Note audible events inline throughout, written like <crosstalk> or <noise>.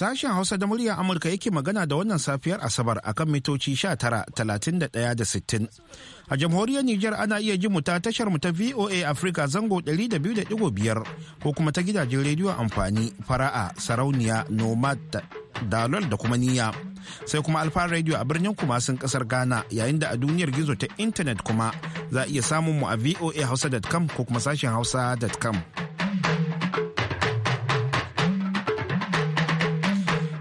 Sashen Hausa da muryar Amurka yake magana da wannan safiyar Asabar a kan mitoci talatin da sittin A jamhuriyar Nijar ana iya ji mu ta tashar mu ta VOA Africa zango 200.5 ko kuma ta gidajen rediyo amfani fara'a sarauniya nomad dalol da kuma niyya. Sai kuma alfa radio a birnin kumasin kasar Ghana yayin da a duniyar gizo ta intanet kuma za a iya samun mu a voahausa.com ko kuma sashen hausa.com.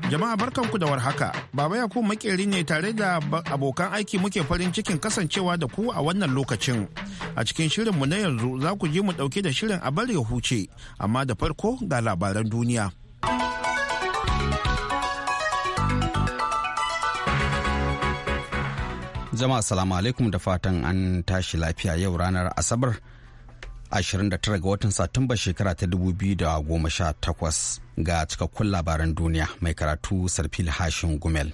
Jama'a barkanku da warhaka. Baba Yakubu makeri ne tare da abokan aiki muke farin cikin kasancewa da ku a wannan lokacin. A cikin shirin mu na yanzu za ku ji mu dauke da shirin a bari ya huce, amma da farko ga labaran duniya. Jama'a salamu alaikum da fatan an tashi lafiya yau ranar Asabar. 29 ga watan Satumba shekara ta 2018 ga cikakkun labaran duniya mai karatu Sarfil Hashin Gumel.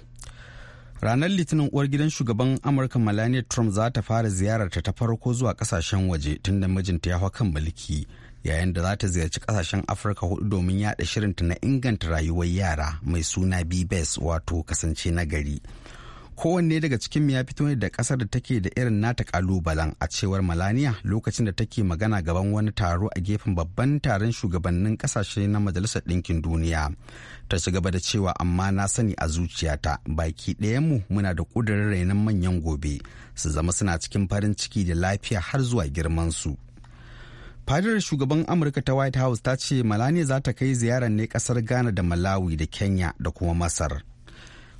Ranar Litinin uwar gidan shugaban Amurka Melania Trump za ta fara ziyararta ta farko zuwa kasashen waje tun da mijinta ya hau kan mulki yayin da za ta ziyarci kasashen Afirka hudu domin yada shirinta na inganta rayuwar yara mai suna BBS wato kasance na gari. kowanne daga cikin ya fito ne da kasar da take da irin nata kalubalen a cewar malaniya lokacin da take magana gaban wani taro a gefen babban taron shugabannin kasashe na majalisar ɗinkin duniya ta ci gaba da cewa amma na sani a zuciyata baki ɗayanmu muna da ƙudurin rainon manyan gobe su zama suna cikin farin ciki da lafiya har zuwa girman su. fadar shugaban amurka ta white house ta ce malaniya za ta kai ziyarar ne ƙasar ghana da malawi da kenya da kuma masar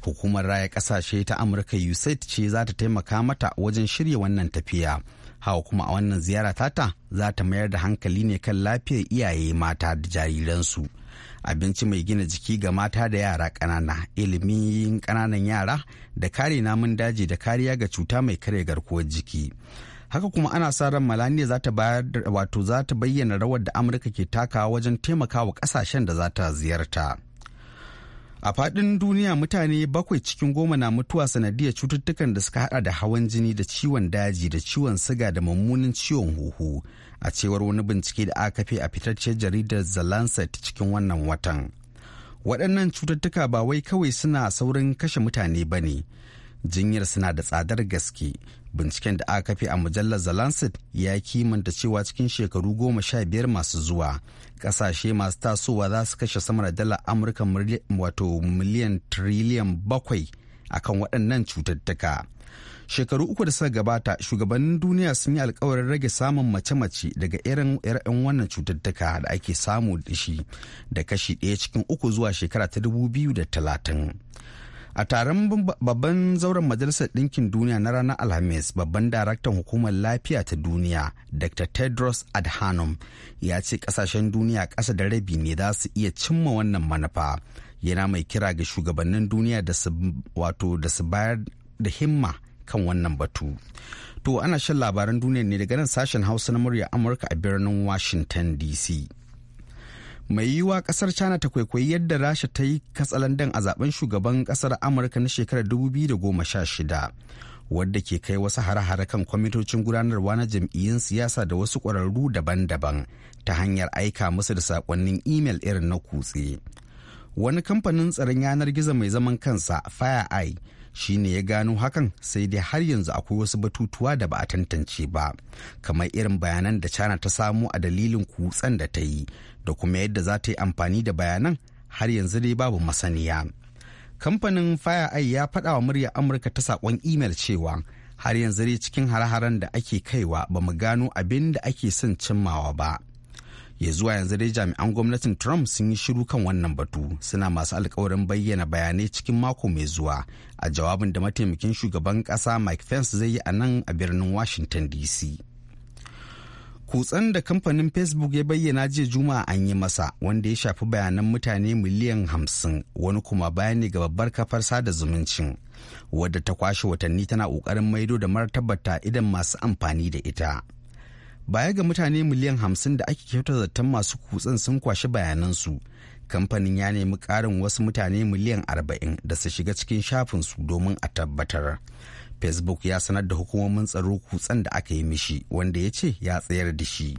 Hukumar raya kasashe ta Amurka USAID ce za ta taimaka mata wajen shirya wannan tafiya. Hawa kuma a wannan ziyara tata za ta mayar da hankali ne kan lafiyar iyaye mata da jariransu. Abinci mai gina jiki ga mata da yara ƙanana, ilimin ƙananan yara da kare namun daji da kariya ga cuta mai karya garkuwar jiki. haka kuma ana sa ran malaniya za ta bayar wato za ta bayyana rawar da amurka ke takawa wajen taimakawa ƙasashen da za ta ziyarta a faɗin duniya mutane bakwai cikin goma na mutuwa sanadiyar cututtukan da suka hada da hawan jini da ciwon daji da ciwon siga da mummunan ciwon huhu a cewar wani bincike da aka fi a fitaccen jaridar the lancet cikin wannan watan waɗannan cututtuka ba wai kawai suna saurin kashe mutane ba ne jinyar suna da tsadar gaske binciken da aka fi a mujallar the lancet ya kimanta cewa cikin shekaru goma sha biyar masu zuwa kasashe masu tasowa za su kashe sama da dala amurka wato miliyan triliyan bakwai akan waɗannan cututtuka shekaru uku da suka gabata shugabannin duniya sun yi alkawarin rage samun mace-mace daga irin irin wannan cututtuka da ake samu da shi da kashi ɗaya cikin uku zuwa shekara ta dubu biyu da talatin a taron babban zauren majalisar ɗinkin duniya na ranar alhamis babban daraktan hukumar lafiya ta duniya dr tedros adhanom ya ce ƙasashen duniya ƙasa da rabi ne za su iya cimma wannan manufa yana mai kira ga shugabannin duniya wato da su bayar da himma kan wannan batu to ana shan labaran duniya ne daga nan sashen hausa na murya amurka a birnin washington dc mai yiwuwa kasar china ta kwaikwayi yadda rasha ta yi katsalandan a zaben shugaban kasar amurka na shekarar 2016 wadda ke kai wasu hare-hare kan kwamitocin gudanarwa na jam'iyyun siyasa da wasu ƙwararru daban-daban ta hanyar aika musu da saƙonnin imel irin na kutse wani kamfanin tsaron yanar gizo mai zaman kansa fireeye shi ne ya gano hakan sai dai har yanzu akwai wasu batutuwa da ba a tantance ba kamar irin bayanan da china ta samu a dalilin kutsen da ta yi da kuma yadda za ta yi amfani da bayanan har yanzu dai babu masaniya. Kamfanin FireEye ya faɗa wa muryar Amurka ta saƙon imel cewa har yanzu dai cikin har-haren da ake kaiwa ba mu gano abin da ake son cimmawa ba. Ya zuwa yanzu dai jami'an gwamnatin Trump sun yi shiru kan wannan batu suna masu alkawarin bayyana bayanai cikin mako mai zuwa a jawabin da mataimakin shugaban ƙasa Mike Pence zai yi a nan a birnin Washington DC. Kutsan da kamfanin facebook ya bayyana jiya juma'a an yi masa wanda ya shafi bayanan mutane miliyan hamsin wani kuma bayani ga babbar kafar sada zumuncin wadda ta kwashe watanni tana ƙoƙarin maido da martabarta idan masu amfani da ita baya ga mutane miliyan hamsin da ake kyauta zaton masu kutsan sun kwashe bayanansu kamfanin ya nemi ƙarin wasu mutane miliyan arba'in da su shiga cikin shafinsu domin a tabbatar facebook ya sanar da hukumomin tsaro kutsen da aka yi mishi wanda ya ce ya tsayar da shi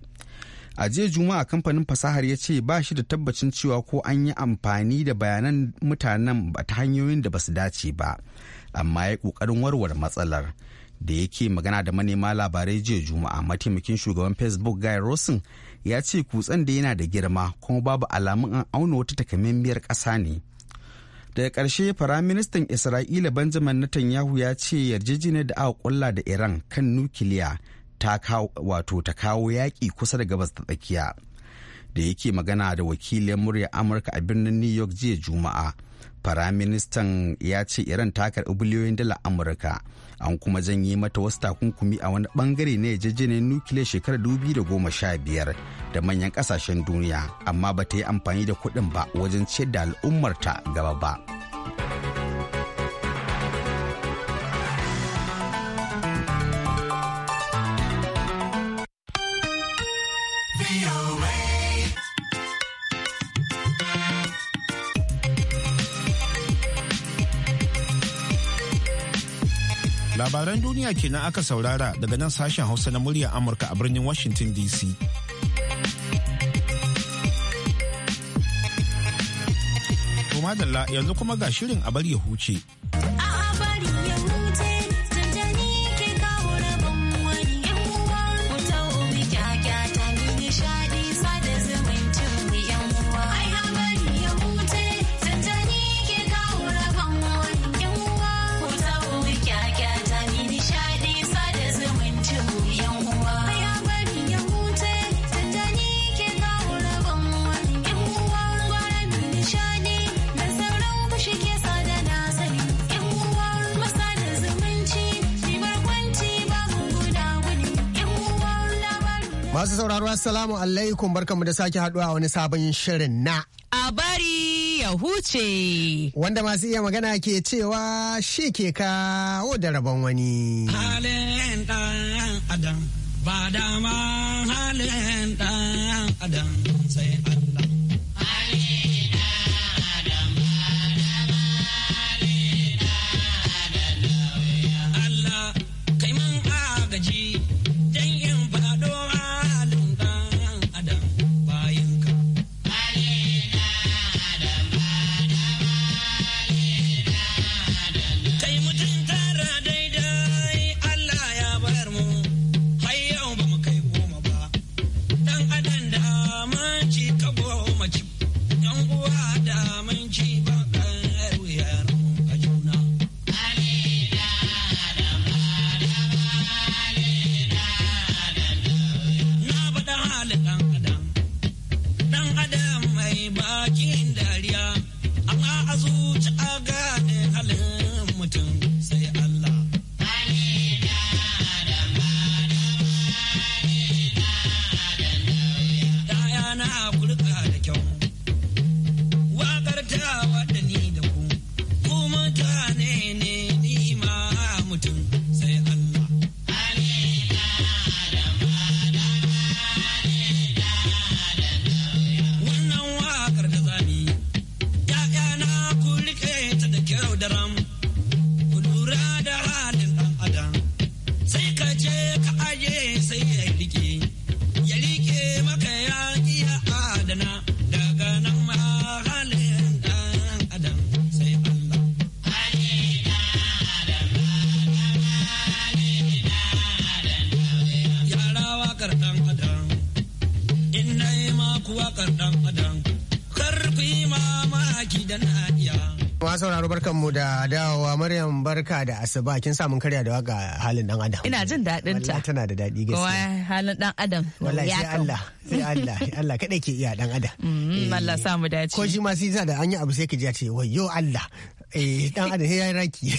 a jiya juma'a kamfanin fasahar ya ce ba shi da tabbacin cewa ko an yi amfani da bayanan mutanen ba ta hanyoyin da ba su dace ba amma ya kokarin warware matsalar da yake magana da manema labarai jiya juma'a mataimakin shugaban facebook guy rosen ya ce kutsen da yana da girma kuma babu alamun an auna wata takamaimiyar ƙasa ne daga ƙarshe firaministan isra'ila benjamin netanyahu ya ce yarjejeniyar da aka kulla da iran kan nukiliya ta wato ta kawo yaƙi kusa da gabas ta tsakiya da yake magana da wakilin murya amurka a birnin new york jiya juma'a Firaministan ya ce Iran ta karɓi biliyoyin dala Amurka an kuma janye mata wasu takunkumi a wani bangare na yarjejeniyar nukiliya shekarar 2015 da manyan kasashen duniya amma ba ta yi amfani da kuɗin ba wajen ciyar da al'ummarta gaba ba. duniya kenan aka saurara daga nan sashen Hausa na muryar Amurka a birnin Washington DC. To madalla yanzu kuma ga shirin a bari ya huce Masu sauraro Assalamu alaikum barkanmu da sake a wani sabon shirin na. A bari ya huce. Wanda masu iya magana ke cewa shi ke kawo da rabon wani. Halin adam ba dama halin adam sai barkanmu da dawowa Maryam barka da asuba kin sa mun karya da waka halin dan adam. Ina jin daɗin ta. tana da daɗi gaskiya. Kuma halin dan adam. Wallahi sai Allah sai Allah Allah kadai ke iya dan adam. <laughs> Mm, Allah eh. sa dace. Ko shi ma sai da an yi abu sai ki ji ce wayyo Allah eh dan adam ya raki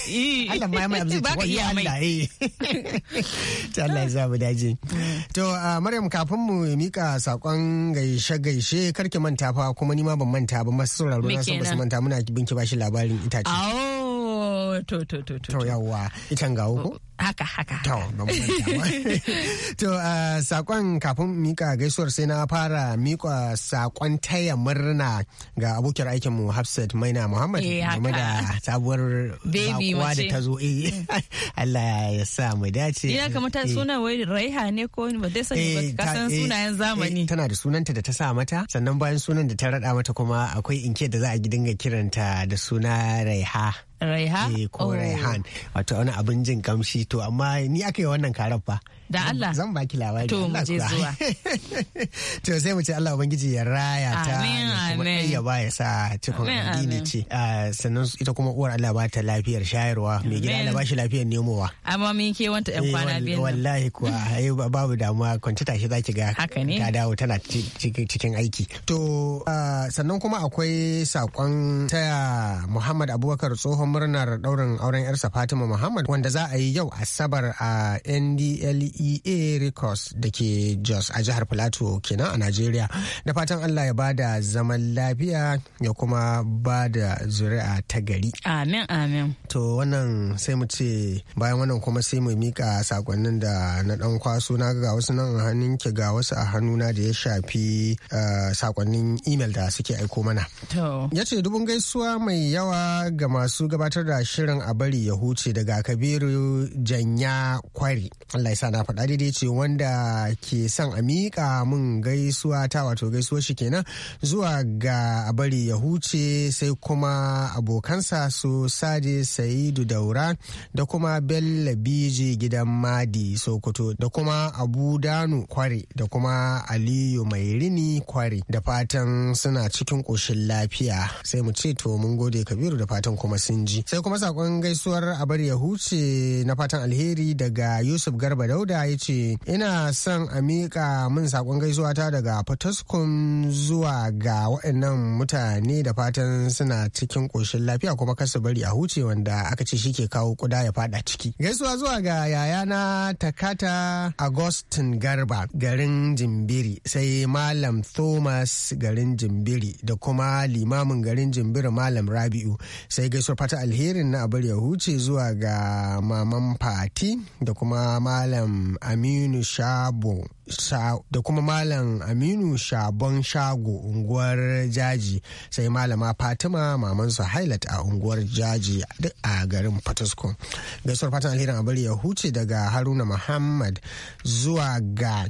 Allah ma ya mai abinci wani Allah eh <laughs> ta Allah ya zabu daji to ah, Maryam kafin mu mika sakon gaishe gaishe karki manta fa kuma ni ma ban manta ba masu sauraro na san basu manta muna binki bashi labarin itace to to to to yawa itan gawo ko haka haka to <laughs> sakon kafin mika gaisuwar sai na fara mika sakon taya murna ga abokiyar aikin mu Hafsat Maina Muhammad eh, game da sabuwar da ta zo eh, <laughs> Allah ya sa mu dace kamar kamata eh. suna wai Raiha ne ko ba dai sani ba ka san sunayen zamani tana da sunanta da ta sa mata sannan bayan sunan da ta rada mata kuma akwai inke da za a gidan ga kiranta da suna Raiha Raiha? ko oh. Raihan. Wato wani abin jin kamshi to amma ni aka yi wannan karar fa da Allah zan baki labari to mu je zuwa <laughs> to sai mu ce Allah ubangiji ya raya ta kuma ya ba ya sa cikin addini ce ah, sannan ita kuma uwar Allah ba ta lafiyar shayarwa mai gida Allah ba shi lafiyar nemowa amma mun ke wanta yan eh, kwana biyu wallahi kuwa <laughs> ai babu damuwa kwanci tashi zaki ga haka ne ta dawo tana cikin aiki to ah, sannan kuma akwai sakon taya Muhammad Abubakar tsohon murnar daurin auren yarsa Fatima Muhammad wanda za a yi yau Asabar a NDLE EA Records da ke Jos a jihar Plateau kenan a nigeria Da fatan Allah ya bada zaman lafiya ya kuma bada zuri'a ta gari. Amin amin. To wannan sai mu ce bayan wannan kuma sai mu mika sakonnin da na dan kwaso na ga wasu nan a hannun ki ga wasu a hannuna da ya shafi eh, sakonnin email da suke aiko mana. To. Ya ce dubun gaisuwa mai yawa ga masu gabatar da shirin a bari ya huce daga Kabiru Janya Kwari. Allah ya sa na faɗa daidai ce wanda ke son a miƙa mun gaisuwa ta wato gaisuwar shi kenan zuwa ga bari ya huce sai kuma abokansa su sade sa'idu daura da kuma bello biji gidan madi sokoto da kuma abu danu kware da kuma aliyu mai rini kware da fatan suna cikin ƙoshin lafiya sai mu ce to mun gode kabiru da fatan kuma sun ji sai kuma saƙon gaisuwar a bari ya huce na fatan alheri daga yusuf garba dauda waya ya ce ina son a miƙa min saƙon gaisuwa ta daga fataskum zuwa ga waɗannan mutane da fatan suna cikin ƙoshin lafiya kuma kasa bari a huce wanda aka ce shi ke kawo ƙuda ya fada ciki. Gaisuwa zuwa ga yayana Takata Agustin Garba garin Jimbiri sai Malam Thomas garin Jimbiri da kuma limamin garin Jimbiri Malam Rabi'u sai gaisuwar fata alherin na abar ya huce zuwa ga Maman Fati da kuma Malam aminu shabo da kuma malam aminu shabon shago unguwar jaji sai malama fatima maman hailat a unguwar jaji a garin fataskun gaisuwar fatan alherin abar ya huce daga haruna muhammad zuwa ga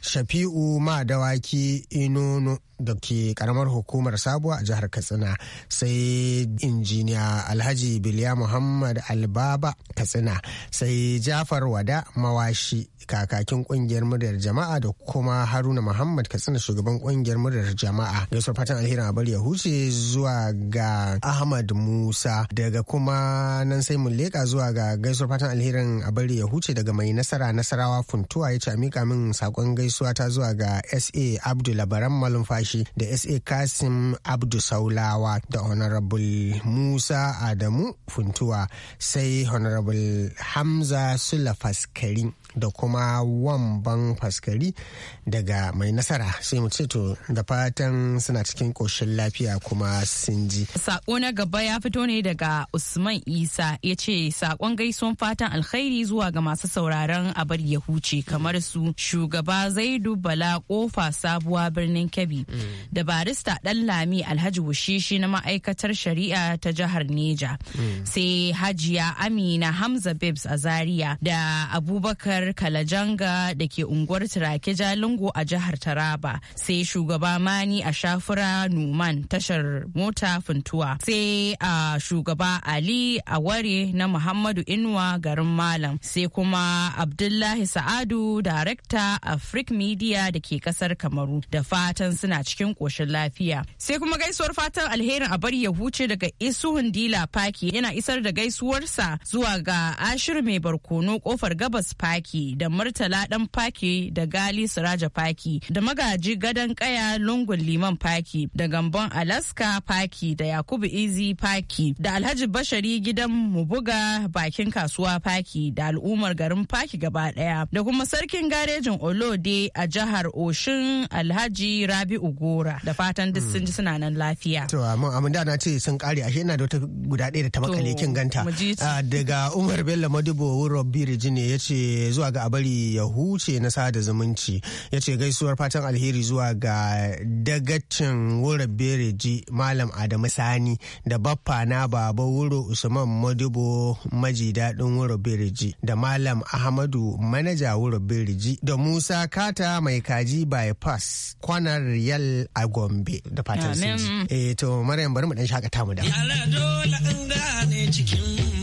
shafi'u ma dawaki inono da ke karamar hukumar sabuwa a jihar katsina sai injiniya alhaji biliya muhammad albaba katsina sai jafar wada mawashi kakakin kungiyar muryar jama'a da kuma haruna muhammad katsina shugaban kungiyar muryar jama'a gaisuwar fatan alherin abar ya huce zuwa ga ahmad musa daga kuma nan sai mun leka zuwa ga gaisuwar fatan alherin abar ya huce daga mai nasara nasarawa funtuwa ya ce mika min sakon gaisuwa ta zuwa ga sa labaran malumfashi da sa kasim abdu saulawa da honorable musa adamu funtuwa sai honorable hamza sulafaskari da kuma kuma ban faskari daga mai nasara sai mu ce to da fatan suna cikin koshin lafiya kuma sun ji. Sako na gaba ya fito ne daga Usman Isa ya ce sakon gaisuwan fatan alkhairi zuwa ga masu sauraron abar ya huce kamar su shugaba Zaidu Bala kofa sabuwa birnin Kebbi mm. da barista dan Lami Alhaji Wushishi na ma'aikatar shari'a ta jihar Neja mm. sai Hajiya Amina Hamza Bibs a Zaria da Abubakar Kala Kalajanga da ke unguwar Turake Jalingo a jihar Taraba sai shugaba Mani a Shafura Numan tashar mota Funtuwa sai a shugaba Ali a Ware na Muhammadu Inuwa garin Malam sai kuma Abdullahi Sa'adu Darekta of Freak Media da ke kasar Kamaru da fatan suna cikin ƙoshin lafiya. Sai kuma gaisuwar fatan alherin a bari ya huce daga Isuhun Dila paki yana isar da gaisuwarsa zuwa ga Ashir mai barkono kofar gabas paki. da murtala dan faki da gali siraja faki da magaji gadon kaya lungun liman faki da gambon alaska faki da yakubu izi faki da alhaji bashari gidan mubuga bakin kasuwa faki da al'ummar garin faki gaba daya da kuma sarkin garejin olode a jihar oshin alhaji Rabi gora da fatan duk sun ji suna nan lafiya to da na ce sun kare ashe ina da guda ɗaya da ta makale kin ganta ah, daga umar bello madubo wuro birji ne yace zuwa ga bari ya huce na sada zumunci ya ce gaisuwar fatan alheri zuwa ga dagacin wura bereji malam adamu sani da baffa na baba wuro usman madubo maji daɗin wura bereji da malam ahmadu manaja wura bereji da musa kata mai kaji bypass kwanar riyal a gombe da fatan sinji. eh to maryam bari mu dan shakata mu da. dole an gane cikin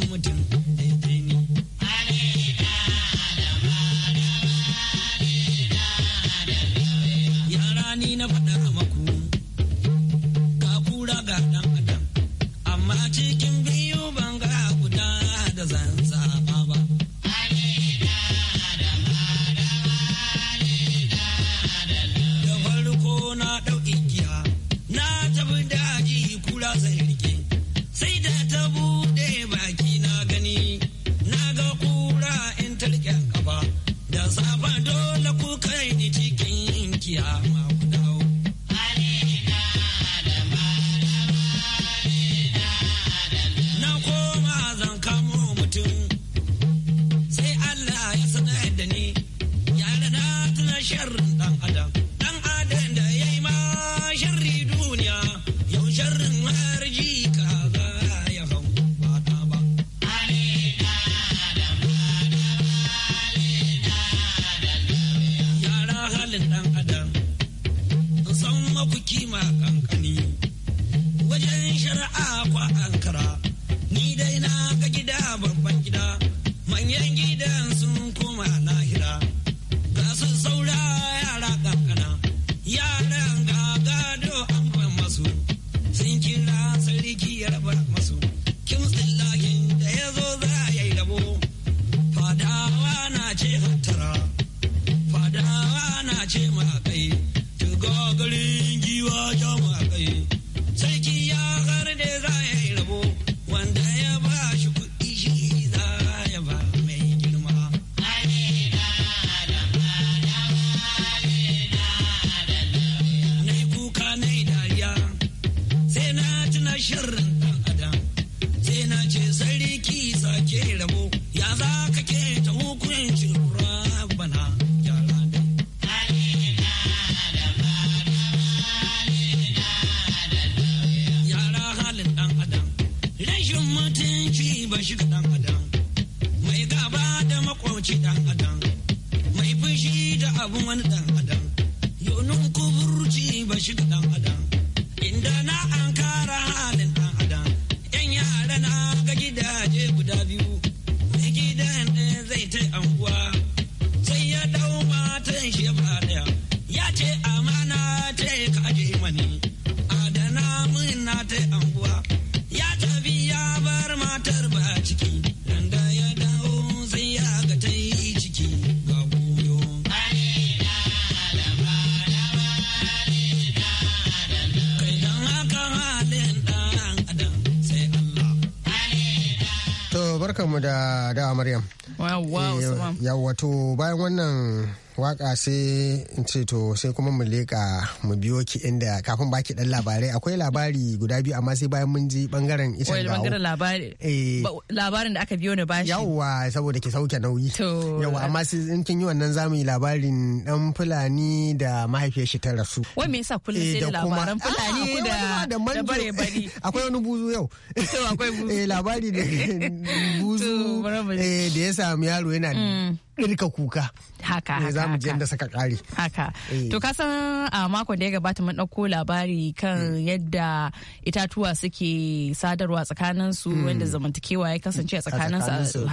sharrin dan adam da da Maryam. Eh, Yawwa to bayan wannan waka sai in ce to sai kuma mu leka mu biyo ki inda kafin baki dan labarai akwai labari guda biyu amma sai bayan mun ji bangaren ita gawo bangaren labari eh. labarin da aka biyo ni bashi yawa saboda ki sauke nauyi yawa amma sai in kin yi wannan zamu yi labarin dan fulani da mahaifiyar shi ta rasu wai me yasa kullum eh, sai labaran fulani ah, da da bare bari <laughs> akwai wani buzu yau akwai <laughs> eh, buzu <laughs> eh labari da buzu da ya samu yaro yana mm. irka kuka haka eh, haka, za mu je da saka kare haka eh. to ka san a makon da ya gabata mun ɗauko labari kan mm. yadda itatuwa suke sadarwa tsakanin su mm. wanda zamantakewa ya kasance a tsakanin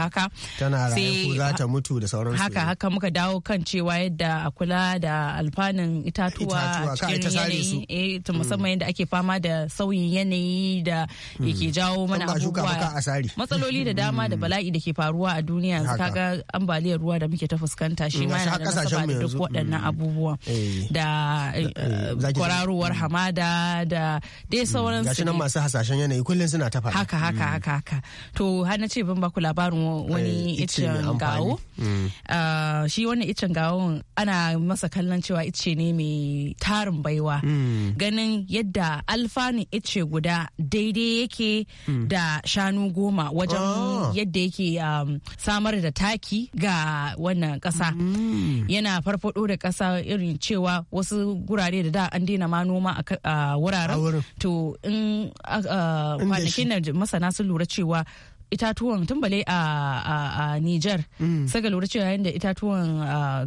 haka tana rayu za ta mutu da sauransu haka haka muka dawo kan cewa yadda a kula da alfanun itatuwa cikin yanayi eh mm. musamman yadda ake fama da sauyin yanayi da yake jawo mana abubuwa matsaloli da dama da bala'i da ke faruwa a duniya kaga ambaliyar ruwa abubuwa da muke ta fuskanta shi mm, ma yana da nasaba da duk waɗannan mm. abubuwa eh. da eh, eh, kwararowar mm. hamada da dai sauran su nan masu hasashen yanayi kullum suna ta faɗa haka haka haka haka to har na ce ban ku labarin wani icen gawo ah, shi wannan icen gawon ana masa kallon cewa ice ne mai tarin baiwa ganin yadda alfanun ice guda daidai yake da shanu goma wajen ah. yadda yake um, samar da taki ga wannan kasa mm. yana farfado da kasa irin cewa wasu gurare da da an daina ma noma a wuraren to in kwanakin masana sun lura cewa itatuwan tumbale a Nijar. Mm. Sai ga lura cewa yadda itatuwan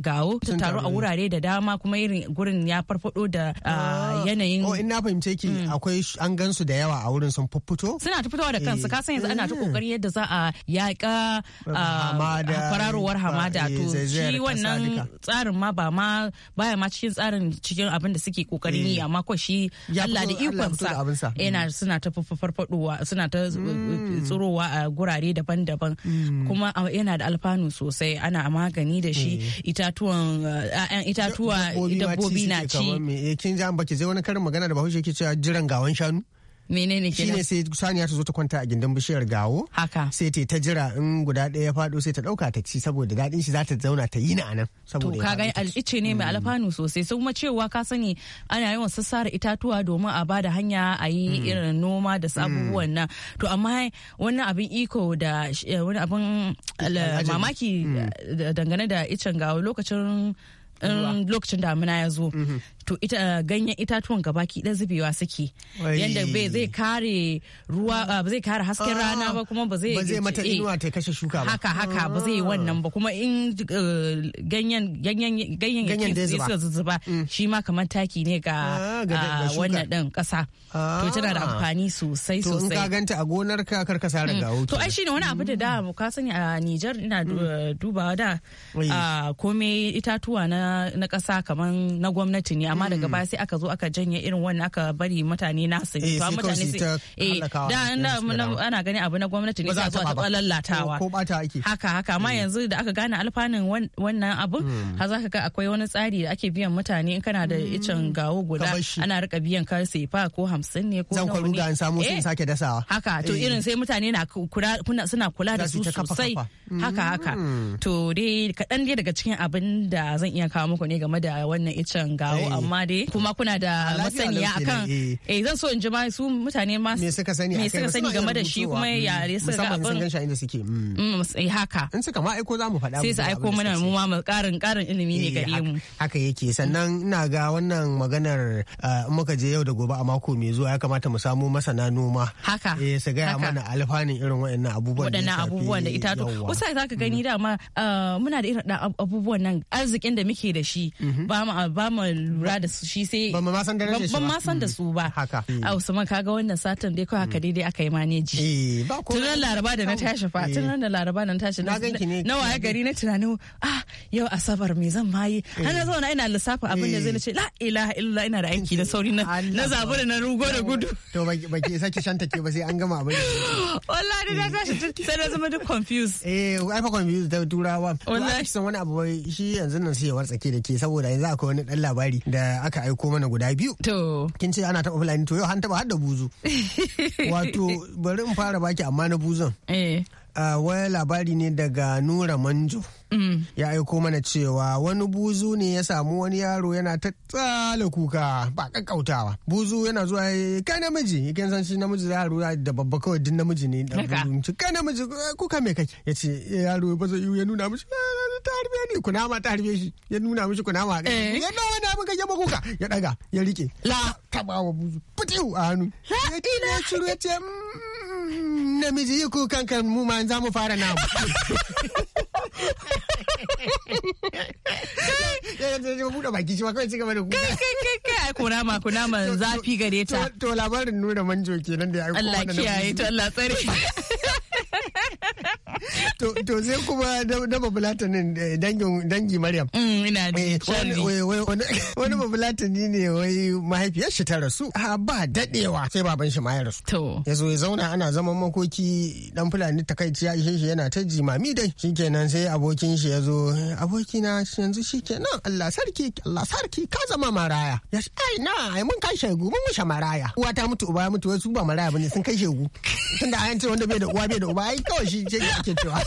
gawo sun taru a wurare da dama kuma irin gurin ya farfado da ah. yanayin. Oh in na fahimce ki mm. akwai an gan su da yawa a wurin sun fito. Suna ta fitowa da kansu eh. ka san yanzu ana ta kokari eh. yadda za a yaƙa kwararowar hamada eh, to shi wannan tsarin ma ba ma baya ma cikin tsarin cikin abin da suke kokarin yi amma ko shi Allah da ikonsa yana mm. suna ta farfadowa suna ta tsurowa a gurare daban-daban mm. kuma yana da alfanu sosai ana magani da shi eh. itatuwan ƴaƴan uh, itatuwa dabbobi na ci eh, kin ji an baki zai wani karin magana da bahaushe yake cewa jiran gawan shanu menene kenan shine sai saniya ta zo ta kwanta a gindin bishiyar gawo haka sai ta ta jira in guda ɗaya ya faɗo sai ta ɗauka ta ci saboda daɗin shi za ta zauna ta yi na anan saboda to kaga al'ice ne mai mm. alfanu sosai sai kuma cewa ka sani ana yawan sassara itatuwa domin a bada hanya a yi mm. irin noma da mm. abubuwan nan to amma wannan abin iko da eh, wani abin eh, mamaki dangane da icen gawo lokacin lokacin damina ya zo mm-hmm. to ita ganyen itatuwan gabaki ɗaya zubewa suke yadda bai zai kare ruwa ah. Ah, ba zai kare hasken ah. rana ba kuma ba zai yi mata eh, inuwa ta kashe shuka ba haka haka ba zai wannan ba kuma in eh, ganyen ganyen ganyen da suka mm. shi ma kamar taki ne ga wannan ɗan ƙasa to tana da amfani sosai sosai to in ka ganta a gonar ka kar ka sare mm. gawo to ai shine wani abu da da mm. ka sani a Niger ina dubawa da komai itatuwa na na ƙasa kamar na gwamnati ne amma daga mm. baya sai aka zo aka janye irin wannan aka bari mutane su yi eh, ba mutane su eh da ana gani abu na gwamnati ne sai ta lallatawa ko bata ake haka haka amma eh. yanzu da aka gane alfanun wannan abun mm. za ka ga akwai wani tsari da ake biyan mutane in kana da mm. icen gawo guda ana rika biyan ka fa ko hamsin ne ko zan kwaru ga an samu sai eh. sake dasawa haka to irin sai mutane na suna kula da su sosai haka haka to dai kaɗan dai daga cikin abin da zan iya kawo muku ne game da wannan icen gawo a amma dai kuma kuna da masaniya akan eh. eh zan so in ji ma su mutane ma me suka sani me suka sani game da shi kuma ya mm. yare suka ga abin musamman inda suke mm, mm haka in suka ma aiko za mu faɗa sai su aiko mana mu ma karin karin ilimi ne eh, gare mu haka yake sannan ina ga wannan maganar eh, muka je yau da gobe a mako mai zuwa ya kamata mu samu masana noma haka eh su ga mana alfanun irin waɗannan abubuwan da abubuwan da itatu wasu za zaka mm. gani ma muna da irin abubuwan nan arzikin da muke da shi mm-hmm. ba mu lura da su shi sai ban ma san da su ba haka mm. a ah, Usman kaga wannan satan dai kawai haka mm. daidai aka yi maneji eh, tun ran laraba da na tashi fa tun eh. ran da laraba da na tashi na waye gari na tunanin ah yau asabar me zan ma yi eh. ana zauna ina lissafa abin da zai ce la ilaha illallah ina da aiki da sauri na na zabu da na rugo da gudu to ba ki saki shanta ke ba sai an gama abin <laughs> wallahi da tashi sai na zama duk confused eh ai fa confused da turawa wallahi san wani abu shi yanzu nan sai ya wartsake da ke saboda yanzu akwai wani dan labari da da aka aiko mana guda biyu. To. Kin ce ana taɓa fulani to yau an taɓa har da buzu. <laughs> Wato bari in fara baki amma na buzun. Eh. uh, wani labari ne daga Nura Manjo. Mm. Ya aiko mana cewa wani buzu ne ya samu wani yaro yana ta tsala kuka ba kakkautawa. Buzu yana zuwa ya eh, kai namiji, ya san shi namiji yaro da babba kawai din namiji ne. Kai namiji eh, kuka mai kake. Ya ce eh, yaro ba zai ya nuna mishi ta harbe ni kunama ta harbe shi ya nuna mishi kunama. Ya nawa na muka yaba kuka ya daga ya rike. La. Tabawa buzu. Fitiu a hannu. Ya ya ce mm, mm, mm. miji yi kukan kan mu ma za mu fara namu. <laughs> baki Kai kai kai kai ai zafi gare ta. To labarin nuna manjo kenan da ya yi. Allah kiyaye to Allah tsare. <laughs> to sai kuma na babulatanin eh, dangin dangi Maryam. Mm, ina da eh, Wani eh, babulatani ne wai mahaifiyar shi ta rasu. Ha ba dadewa sai baban shi ma ya rasu. To. Ya zo ya zauna ana zaman makoki dan Fulani takaici ya ishe shi yana ta jimami dai. Shikenan sai abokin shi ya zo abokina yanzu shikenan Allah sarki Allah sarki ka zama maraya. Ya shi ai na ai mun kai shegu mun musha maraya. Uwa ta mutu uba ya mutu wasu ba maraya bane sun kai shegu. Tunda an ce wanda bai da uwa bai da uba ai kawai shi ce ake cewa.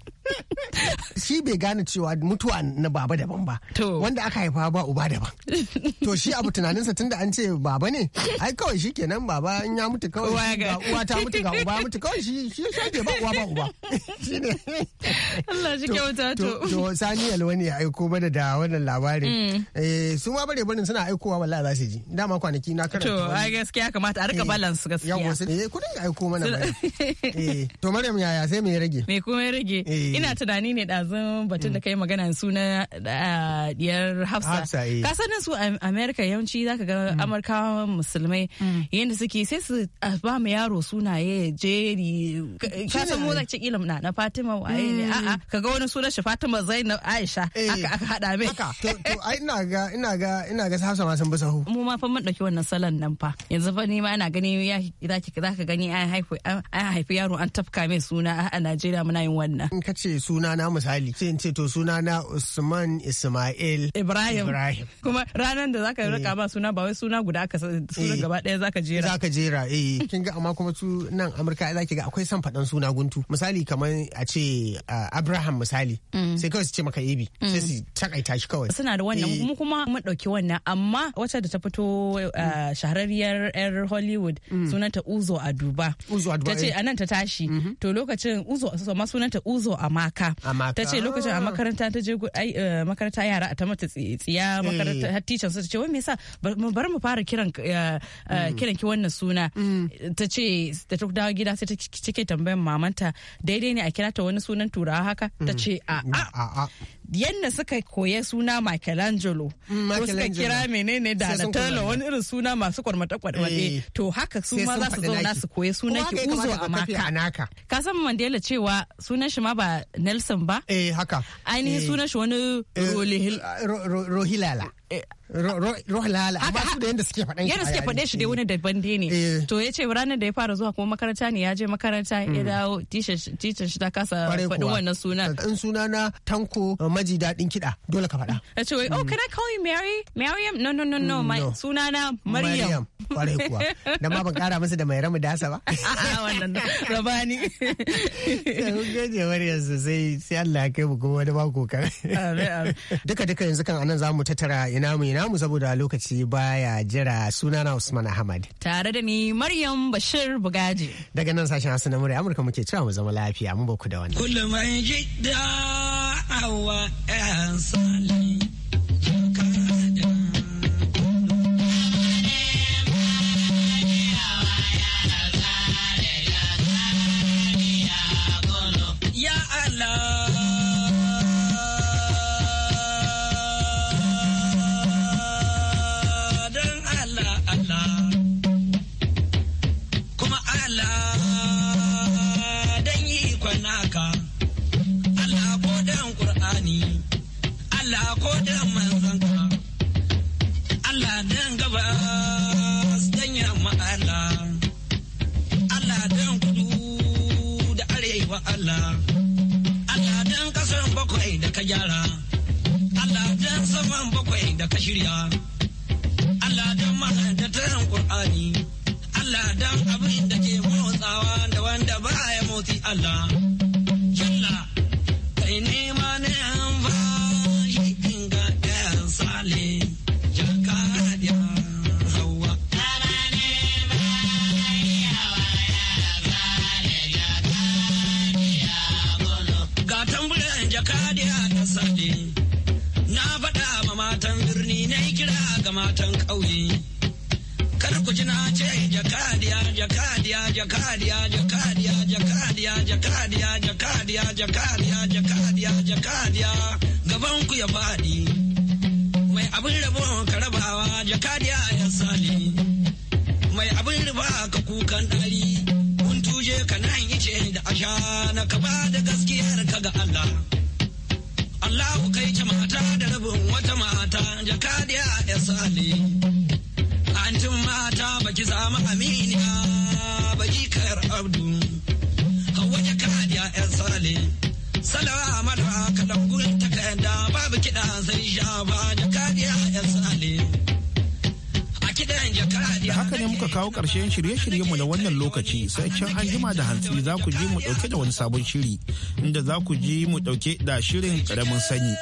bai gane cewa mutuwa na baba daban ba wanda aka haifa ba uba daban <laughs> to shi abu tunaninsa tunda an ce baba ne ai kawai shi kenan baba in ya mutu kawai shi ga uwa ta mutu ga uba mutu kawai shi shi shage ba uwa ba uba <laughs> shine Allah shi kyauta to to sani alwani ya aiko mana da wannan labarin mm. eh su ma bare barin suna aikowa wallahi za su ji dama kwanaki na karanta to ai gaskiya kamata a rika eh, balance gaskiya yawa sai eh, kudin aiko mana <laughs> eh to Maryam yaya sai me rage me kuma rage eh. ina tunani ne dazun wannan batun da mm. kai magana suna diyar Hafsa. Eh. Ka sanin su amerika yawanci za ka ga mm. Amurkawa musulmai mm. yadda suke sai su ba mu yaro sunaye jeri ka san mu zace kila na na Fatima waye ne a'a ga wani sunan shi Fatima Zainab Aisha eh. aka aka hada mai. To ai ina ga ina ga ina ga Hafsa ma sun bi sahu. Mu ma fa mun dauki wannan salon nan fa. Yanzu fa ni ma ana gani ya ka gani ai haifi yaro an tafka mai suna a Najeriya muna yin wannan. In ka ce suna na misali sai in ce to suna na Usman Ismail Ibrahim. Ibrahim. Kuma ranar da zaka eh. rika ba suna ba wai suna guda aka suna eh. gaba ɗaya zaka jera. Zaka jera eh <laughs> kin ga amma kuma su nan Amurka zaki ga akwai son faɗan suna guntu. Misali kamar a ce uh, Abraham misali mm. sai kawai su ce maka Ibi mm. sai su takaita shi kawai. Suna da wannan eh. mu kuma mu ɗauki wannan amma wacce da ta fito uh, mm. shahararriyar 'yar Hollywood sunanta Uzo Aduba. Uzo Aduba. Ta ce anan ta tashi mm-hmm. to lokacin Uzo ma sunanta Uzo Amaka. Amaka. Ta ce lokacin lokacin a makaranta ta je eh, makaranta yara a ta mata tsiya eh. makaranta har teacher su ta ce wai me yasa bar mu fara kiran eh, mm. kiran ki wannan suna mm. ta ce da ta dawo gida sai ta cike tambayan mamanta daidai ne a kira ta wani sunan turawa haka ta mm. ce a a yadda suka koya suna Michelangelo Michelangelo. suka kira menene Donatello wani irin suna masu kwarmata kwarmata. Eh. to haka su ma za su zauna su koya suna ki uzo a maka ka san Mandela cewa sunan shi ma ba Nelson ba eh haka ainihin eh. sunan shi wani eh, Rohilala Ruwa lala amma su da yadda suke faɗan shi yadda suke faɗe shi dai wani daban dai ne eh. to ya ce ranar da ya fara zuwa kuma makaranta ne ya je makaranta ya hmm. dawo titin shi ta kasa faɗin wannan suna in suna na tanko eh, maji daɗin kiɗa dole ka faɗa ya ce oh hmm. can I call you Mary Maryam no no no no hmm, my suna na Maryam kwarai kuwa <laughs> da ma ban kara masa da mai ramu dasa ba <laughs> a'a wannan rabani kun <laughs> gaje Maryam sosai sai Allah ya kai mu kuma wani mako kan duka duka yanzu kan anan zamu tattara ina mu ina namu saboda lokaci baya jira sunana Usman Ahmad. Tare da ni Maryam Bashir Bugaji. Daga nan sashen Hassan Amurai Amurka muke cewa mu zama lafiya mu ba ku da wani. Kullum an ji da'awa 'yan kawo ƙarshen shirye mu na wannan lokaci sai can an jima da hantsi za ku ji mu ɗauke da wani sabon shiri inda za ku ji mu ɗauke da shirin ƙaramin sanyi.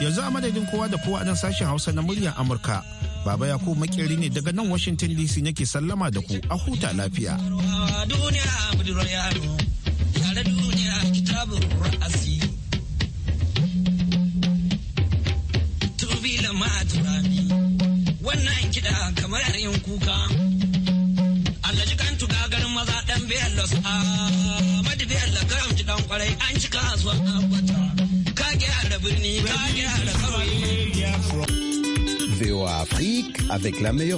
Yanzu a madadin kowa da kowa a nan sashen Hausa na muryar Amurka. Baba Yakubu makeri ne daga nan Washington DC nake sallama da ku a huta lafiya. Wannan kiɗa kamar yin kuka. be Allah Allah ka amci dan kwarai an ci kasuwar abuta ka gyara birni ka gyara kawai VOA Afrique avec la meilleure